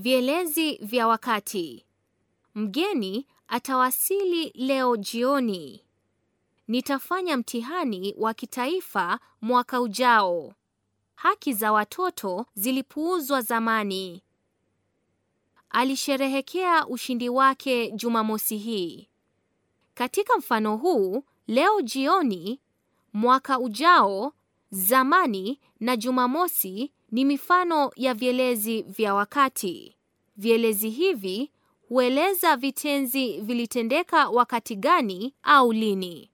Vielezi vya wakati: mgeni atawasili leo jioni. Nitafanya mtihani wa kitaifa mwaka ujao. Haki za watoto zilipuuzwa zamani. Alisherehekea ushindi wake Jumamosi hii. Katika mfano huu, leo jioni, mwaka ujao, zamani na Jumamosi ni mifano ya vielezi vya wakati. Vielezi hivi hueleza vitenzi vilitendeka wakati gani au lini.